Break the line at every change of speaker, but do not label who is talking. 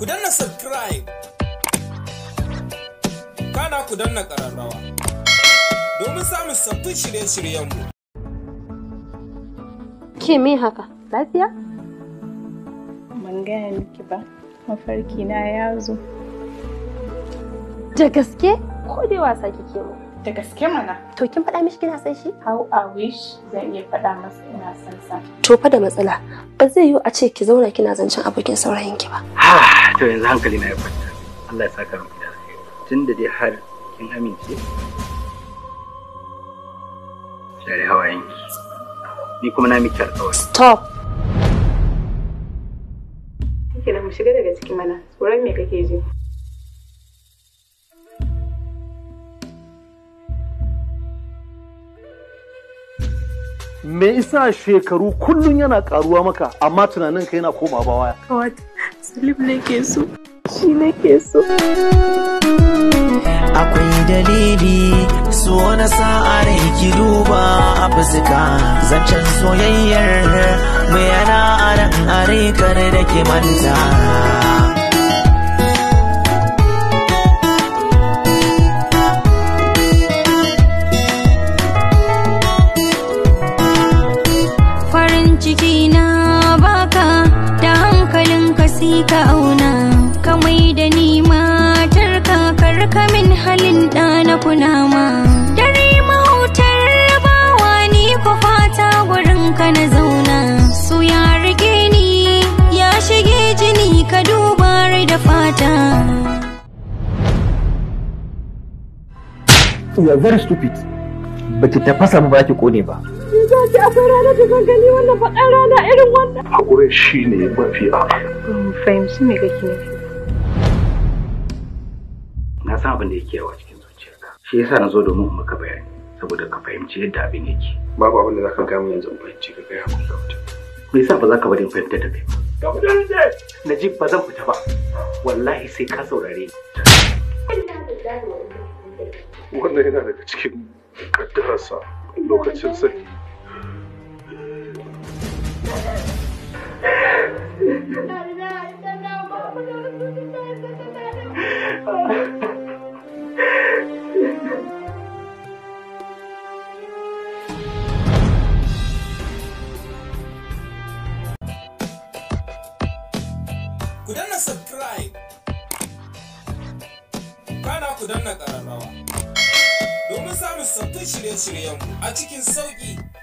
ku danna subscribe kana ku danna ƙararrawa domin samun sabbin shirye-shiryenmu ke me haka lafiya ban gaya miki ba mafarki na ya zo da gaske ko dai wasa kike mu Da gaske mana. To kin faɗa mishi kina san shi? How I wish zan iya faɗa masa ina san sa. To fa da matsala. Ba zai yiwu a ce ki zauna kina zancen abokin saurayin ki ba. Ha to yanzu hankali na ya kwanta. Allah ya saka miki da Tunda dai har kin amince. Share ki. Ni kuma na miki alƙawari. Stop. Kina mu shiga daga ciki mana. Tsoron me kake ji? me isa shekaru kullum yana karuwa maka amma tunanin ka yana koma baya salim ke so shi ke so akwai dalili so na sa'a da ki duba a fuska zancen soyayyar mai yana a da ke manta sai ka auna ka mai da ni matar ka karka min halin ɗa na kunama dare mahautar rabawa ni ko fata gurin ka na zauna su ya rike ni ya shige jini ka duba rai da fata you are very stupid baki tafasa ba ki kone ba Ni za ki akwai rana da zan gani wannan faɗan rana irin wannan. Hakuri shi ne mafi abu. Fahimci me kake nufi. Na san abin da yake yawa cikin zuciyarka. Shi yasa na zo domin maka bayani saboda ka fahimci yadda abin yake. Babu abin da za ka gaya yanzu in fahimci ka gaya mun gauta. Me yasa ba za ka bari in fahimta da kai ba? Ka fita da Najib ba zan fita ba. Wallahi sai ka saurare ni. Wannan yana daga cikin kaddararsa lokacin sanyi. ku danna subscribe kana ku danna ƙararrawa domin samun sabbin shirye-shiryenmu a cikin sauƙi